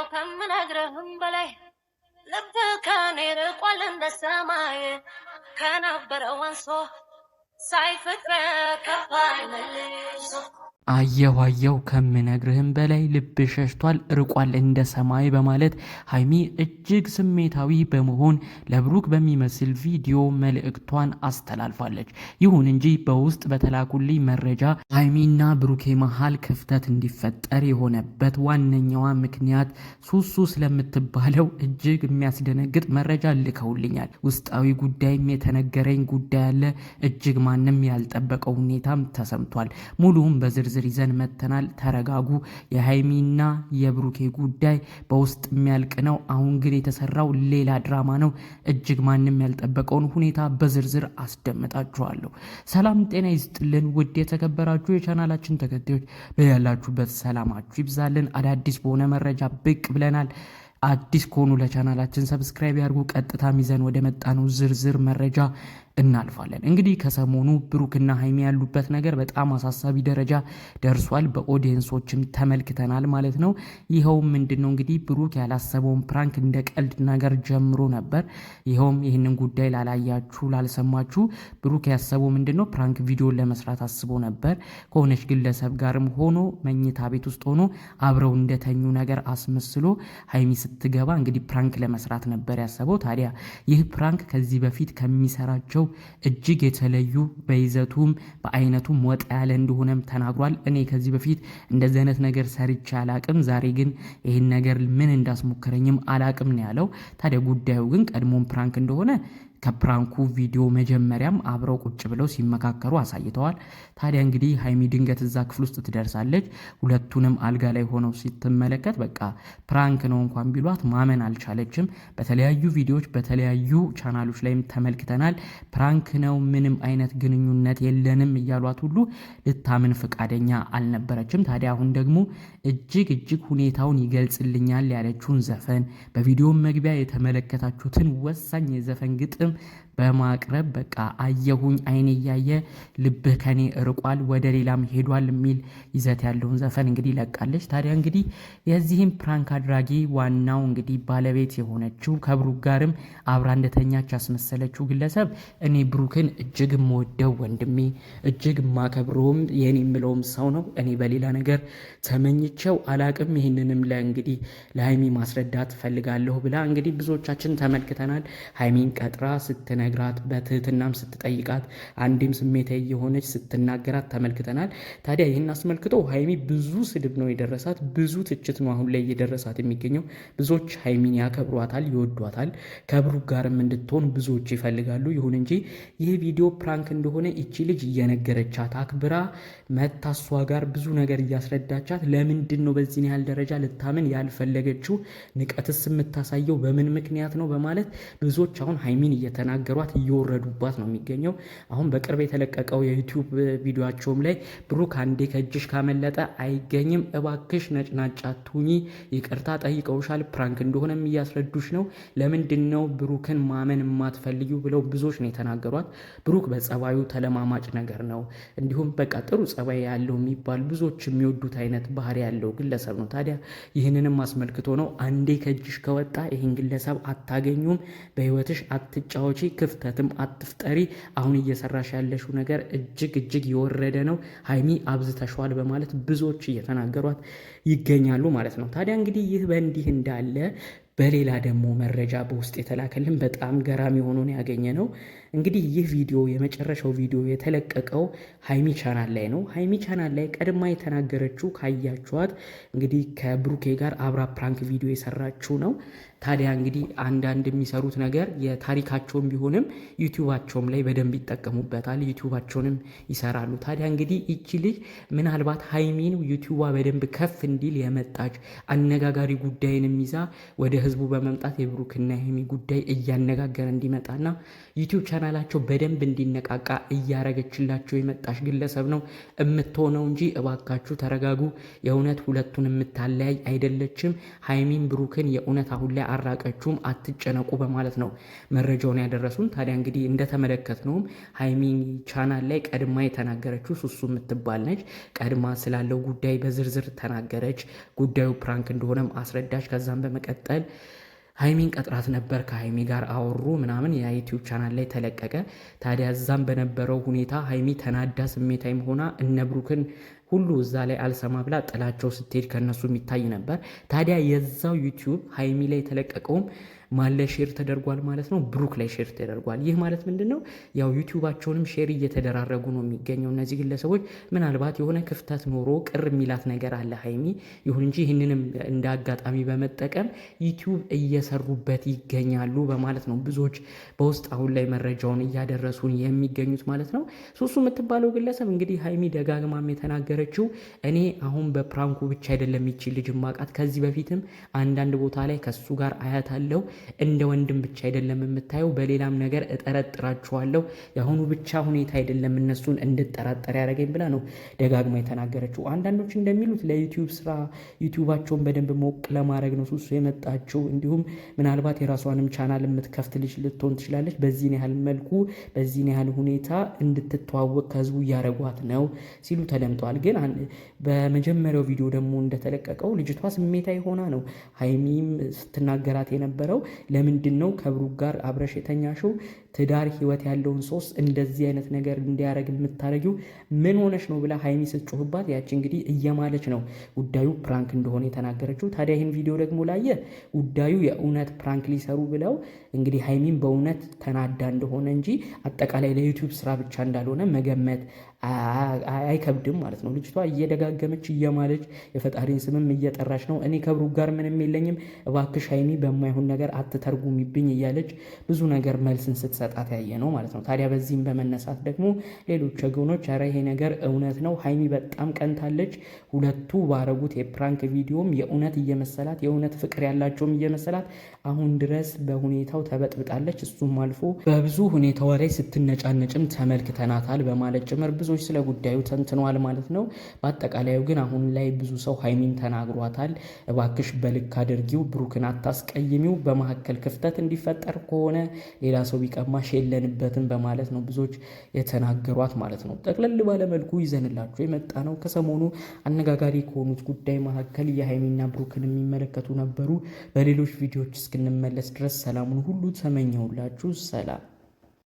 ነው ከምነግረህም በላይ ልብ ከኔ ርቋል እንደ ሰማይ ከነበረው አንሶ ሳይፍቅረ ከባይ መልሶ አየሁ አየሁ ከምነግርህም በላይ ልብ ሸሽቷል እርቋል እንደ ሰማይ በማለት ሀይሚ እጅግ ስሜታዊ በመሆን ለብሩክ በሚመስል ቪዲዮ መልእክቷን አስተላልፋለች። ይሁን እንጂ በውስጥ በተላኩልኝ መረጃ ሀይሚና ብሩኬ መሃል ክፍተት እንዲፈጠር የሆነበት ዋነኛዋ ምክንያት ሱሱ ስለምትባለው እጅግ የሚያስደነግጥ መረጃ ልከውልኛል። ውስጣዊ ጉዳይም የተነገረኝ ጉዳይ አለ። እጅግ ማንም ያልጠበቀው ሁኔታም ተሰምቷል። ሙሉም በዝርዝር ዝርዝር ይዘን መተናል። ተረጋጉ። የሃይሚና የብሩኬ ጉዳይ በውስጥ የሚያልቅ ነው። አሁን ግን የተሰራው ሌላ ድራማ ነው። እጅግ ማንም ያልጠበቀውን ሁኔታ በዝርዝር አስደምጣችኋለሁ። ሰላም ጤና ይስጥልን ውድ የተከበራችሁ የቻናላችን ተከታዮች በያላችሁበት ሰላማችሁ ይብዛልን። አዳዲስ በሆነ መረጃ ብቅ ብለናል። አዲስ ከሆኑ ለቻናላችን ሰብስክራይብ ያድርጉ። ቀጥታ ሚዘን ወደ መጣ ነው ዝርዝር መረጃ እናልፋለን። እንግዲህ ከሰሞኑ ብሩክና ሀይሚ ያሉበት ነገር በጣም አሳሳቢ ደረጃ ደርሷል። በኦዲየንሶችም ተመልክተናል ማለት ነው። ይኸውም ምንድን ነው እንግዲህ ብሩክ ያላሰበውን ፕራንክ እንደ ቀልድ ነገር ጀምሮ ነበር። ይኸውም ይህንን ጉዳይ ላላያችሁ ላልሰማችሁ፣ ብሩክ ያሰበው ምንድን ነው ፕራንክ ቪዲዮ ለመስራት አስቦ ነበር። ከሆነች ግለሰብ ጋርም ሆኖ መኝታ ቤት ውስጥ ሆኖ አብረው እንደተኙ ነገር አስመስሎ ሀይሚ ስትገባ እንግዲህ ፕራንክ ለመስራት ነበር ያሰበው። ታዲያ ይህ ፕራንክ ከዚህ በፊት ከሚሰራቸው ናቸው። እጅግ የተለዩ በይዘቱም በአይነቱም ወጣ ያለ እንደሆነም ተናግሯል። እኔ ከዚህ በፊት እንደዚህ አይነት ነገር ሰርቼ አላቅም፣ ዛሬ ግን ይህን ነገር ምን እንዳስሞከረኝም አላቅም ነው ያለው። ታዲያ ጉዳዩ ግን ቀድሞም ፕራንክ እንደሆነ ከፕራንኩ ቪዲዮ መጀመሪያም አብረው ቁጭ ብለው ሲመካከሩ አሳይተዋል። ታዲያ እንግዲህ ሀይሚ ድንገት እዛ ክፍል ውስጥ ትደርሳለች። ሁለቱንም አልጋ ላይ ሆነው ስትመለከት በቃ ፕራንክ ነው እንኳን ቢሏት ማመን አልቻለችም። በተለያዩ ቪዲዮዎች በተለያዩ ቻናሎች ላይም ተመልክተናል። ፕራንክ ነው፣ ምንም አይነት ግንኙነት የለንም እያሏት ሁሉ ልታምን ፈቃደኛ አልነበረችም። ታዲያ አሁን ደግሞ እጅግ እጅግ ሁኔታውን ይገልጽልኛል ያለችውን ዘፈን በቪዲዮ መግቢያ የተመለከታችሁትን ወሳኝ የዘፈን ግጥም game በማቅረብ በቃ አየሁኝ አይኔ እያየ ልብህ ከኔ እርቋል ወደ ሌላም ሄዷል የሚል ይዘት ያለውን ዘፈን እንግዲህ ለቃለች። ታዲያ እንግዲህ የዚህም ፕራንክ አድራጊ ዋናው እንግዲህ ባለቤት የሆነችው ከብሩክ ጋርም አብራ እንደተኛች ያስመሰለችው ግለሰብ እኔ ብሩክን እጅግ የምወደው ወንድሜ እጅግ ማከብረውም የኔ የምለውም ሰው ነው። እኔ በሌላ ነገር ተመኝቸው አላቅም። ይህንንም ለእንግዲህ ለሀይሚ ማስረዳት ፈልጋለሁ ብላ እንግዲህ ብዙዎቻችን ተመልክተናል። ሀይሚን ቀጥራ ስትነ ስትነግራት በትህትናም ስትጠይቃት አንዴም ስሜታዊ የሆነች ስትናገራት ተመልክተናል። ታዲያ ይህን አስመልክቶ ሀይሚ ብዙ ስድብ ነው የደረሳት፣ ብዙ ትችት ነው አሁን ላይ እየደረሳት የሚገኘው። ብዙዎች ሀይሚን ያከብሯታል፣ ይወዷታል፣ ከብሩ ጋርም እንድትሆን ብዙዎች ይፈልጋሉ። ይሁን እንጂ ይህ ቪዲዮ ፕራንክ እንደሆነ ይቺ ልጅ እየነገረቻት አክብራ መታሷ ጋር ብዙ ነገር እያስረዳቻት ለምንድን ነው በዚህን ያህል ደረጃ ልታምን ያልፈለገችው? ንቀትስ የምታሳየው በምን ምክንያት ነው? በማለት ብዙዎች አሁን ሀይሚን እየተናገ እየተናገሯት እየወረዱባት ነው የሚገኘው። አሁን በቅርብ የተለቀቀው የዩቲዩብ ቪዲዮቸውም ላይ ብሩክ አንዴ ከእጅሽ ካመለጠ አይገኝም፣ እባክሽ ነጭናጫ አትሁኚ፣ ይቅርታ ጠይቀውሻል፣ ፕራንክ እንደሆነ እያስረዱሽ ነው፣ ለምንድን ነው ብሩክን ማመን የማትፈልዩ ብለው ብዙዎች ነው የተናገሯት። ብሩክ በጸባዩ ተለማማጭ ነገር ነው፣ እንዲሁም በቃ ጥሩ ጸባይ ያለው የሚባል ብዙዎች የሚወዱት አይነት ባህሪ ያለው ግለሰብ ነው። ታዲያ ይህንንም አስመልክቶ ነው አንዴ ከእጅሽ ከወጣ ይህን ግለሰብ አታገኙም፣ በህይወትሽ አትጫወቺ ክፍተትም አትፍጠሪ። አሁን እየሰራሽ ያለሽው ነገር እጅግ እጅግ የወረደ ነው ሀይሚ አብዝተሸዋል በማለት ብዙዎች እየተናገሯት ይገኛሉ ማለት ነው። ታዲያ እንግዲህ ይህ በእንዲህ እንዳለ በሌላ ደግሞ መረጃ በውስጥ የተላከልን በጣም ገራሚ ሆኖን ያገኘ ነው። እንግዲህ ይህ ቪዲዮ የመጨረሻው ቪዲዮ የተለቀቀው ሀይሚ ቻናል ላይ ነው። ሀይሚ ቻናል ላይ ቀድማ የተናገረችው ካያችኋት እንግዲህ ከብሩኬ ጋር አብራ ፕራንክ ቪዲዮ የሰራችው ነው። ታዲያ እንግዲህ አንዳንድ የሚሰሩት ነገር የታሪካቸውም ቢሆንም ዩቲዩባቸውም ላይ በደንብ ይጠቀሙበታል። ዩቲዩባቸውንም ይሰራሉ። ታዲያ እንግዲህ ይቺ ልጅ ምናልባት ሀይሚን ዩቲዩባ በደንብ ከፍ እንዲል የመጣች አነጋጋሪ ጉዳይንም ይዛ ወደ የህዝቡ ህዝቡ በመምጣት የብሩክና ሀይሚ ጉዳይ እያነጋገረ እንዲመጣና ዩቲዩብ ቻናላቸው በደንብ እንዲነቃቃ እያረገችላቸው የመጣች ግለሰብ ነው የምትሆነው እንጂ እባካችሁ ተረጋጉ። የእውነት ሁለቱን የምታለያይ አይደለችም። ሀይሚን ብሩክን የእውነት አሁን ላይ አራቀችውም፣ አትጨነቁ በማለት ነው መረጃውን ያደረሱን። ታዲያ እንግዲህ እንደተመለከት ነውም ሀይሚ ቻናል ላይ ቀድማ የተናገረችው ሱሱ የምትባል ነች። ቀድማ ስላለው ጉዳይ በዝርዝር ተናገረች። ጉዳዩ ፕራንክ እንደሆነም አስረዳች። ከዛም በመቀጠል ሀይሚን ቀጥራት ነበር። ከሀይሚ ጋር አወሩ ምናምን የዩቲዩብ ቻናል ላይ ተለቀቀ። ታዲያ እዛም በነበረው ሁኔታ ሀይሚ ተናዳ ስሜታይም ሆና እነብሩክን ሁሉ እዛ ላይ አልሰማ ብላ ጥላቸው ስትሄድ ከነሱ የሚታይ ነበር። ታዲያ የዛው ዩቲዩብ ሀይሚ ላይ የተለቀቀውም ማን ላይ ሼር ተደርጓል ማለት ነው? ብሩክ ላይ ሼር ተደርጓል። ይህ ማለት ምንድን ነው? ያው ዩቲዩባቸውንም ሼር እየተደራረጉ ነው የሚገኘው እነዚህ ግለሰቦች። ምናልባት የሆነ ክፍተት ኖሮ ቅር የሚላት ነገር አለ ሀይሚ። ይሁን እንጂ ይህንንም እንደ አጋጣሚ በመጠቀም ዩቲዩብ እየሰሩበት ይገኛሉ በማለት ነው ብዙዎች በውስጥ አሁን ላይ መረጃውን እያደረሱን የሚገኙት ማለት ነው። ሱሱ የምትባለው ግለሰብ እንግዲህ ሀይሚ ደጋግማም የተናገረ የተናገረችው እኔ አሁን በፕራንኩ ብቻ አይደለም ይቺ ልጅ ማቃት ከዚህ በፊትም አንዳንድ ቦታ ላይ ከሱ ጋር አያታለሁ። እንደ ወንድም ብቻ አይደለም የምታየው፣ በሌላም ነገር እጠረጥራችኋለሁ። የአሁኑ ብቻ ሁኔታ አይደለም እነሱን እንድጠራጠር ያደረገኝ ብላ ነው ደጋግማ የተናገረችው። አንዳንዶች እንደሚሉት ለዩቲዩብ ስራ ዩቲዩባቸውን በደንብ ሞቅ ለማድረግ ነው ሱሱ የመጣችው። እንዲሁም ምናልባት የራሷንም ቻናል የምትከፍት ልጅ ልትሆን ትችላለች። በዚህን ያህል መልኩ በዚህን ያህል ሁኔታ እንድትተዋወቅ ከህዝቡ እያደረጓት ነው ሲሉ ተደምጠዋል። ግን በመጀመሪያው ቪዲዮ ደግሞ እንደተለቀቀው ልጅቷ ስሜታዊ ሆና ነው ሀይሚም ስትናገራት የነበረው። ለምንድን ነው ከብሩክ ጋር አብረሽ የተኛሽው? ትዳር ህይወት ያለውን ሶስ እንደዚህ አይነት ነገር እንዲያደረግ የምታደረጊው ምን ሆነች ነው ብላ ሀይሚ ስትጮህባት፣ ያቺ እንግዲህ እየማለች ነው ጉዳዩ ፕራንክ እንደሆነ የተናገረችው። ታዲያ ይህን ቪዲዮ ደግሞ ላየ ጉዳዩ የእውነት ፕራንክ ሊሰሩ ብለው እንግዲህ ሀይሚን በእውነት ተናዳ እንደሆነ እንጂ አጠቃላይ ለዩቲዩብ ስራ ብቻ እንዳልሆነ መገመት አይከብድም ማለት ነው። ልጅቷ እየደጋገመች እየማለች የፈጣሪን ስምም እየጠራች ነው። እኔ ከብሩ ጋር ምንም የለኝም እባክሽ ሀይሚ በማይሆን ነገር አትተርጉሚብኝ እያለች ብዙ ነገር መልስን ስት ስትሰጣት ያየ ነው ማለት ነው። ታዲያ በዚህም በመነሳት ደግሞ ሌሎች ወገኖች ኧረ ይሄ ነገር እውነት ነው፣ ሀይሚ በጣም ቀንታለች፣ ሁለቱ ባረጉት የፕራንክ ቪዲዮም የእውነት እየመሰላት የእውነት ፍቅር ያላቸውም እየመሰላት አሁን ድረስ በሁኔታው ተበጥብጣለች፣ እሱም አልፎ በብዙ ሁኔታዋ ላይ ስትነጫነጭም ተመልክተናታል በማለት ጭምር ብዙዎች ስለ ጉዳዩ ተንትነዋል ማለት ነው። በአጠቃላዩ ግን አሁን ላይ ብዙ ሰው ሀይሚን ተናግሯታል። እባክሽ በልክ አድርጊው፣ ብሩክን አታስቀይሚው፣ በመካከል ክፍተት እንዲፈጠር ከሆነ ሌላ ሰው ቢቀማ ግማሽ የለንበትም በማለት ነው ብዙዎች የተናገሯት ማለት ነው። ጠቅለል ባለመልኩ ይዘንላቸው የመጣ ነው። ከሰሞኑ አነጋጋሪ ከሆኑት ጉዳይ መካከል የሀይሚና ብሩክን የሚመለከቱ ነበሩ። በሌሎች ቪዲዮዎች እስክንመለስ ድረስ ሰላሙን ሁሉ ተመኘውላችሁ። ሰላም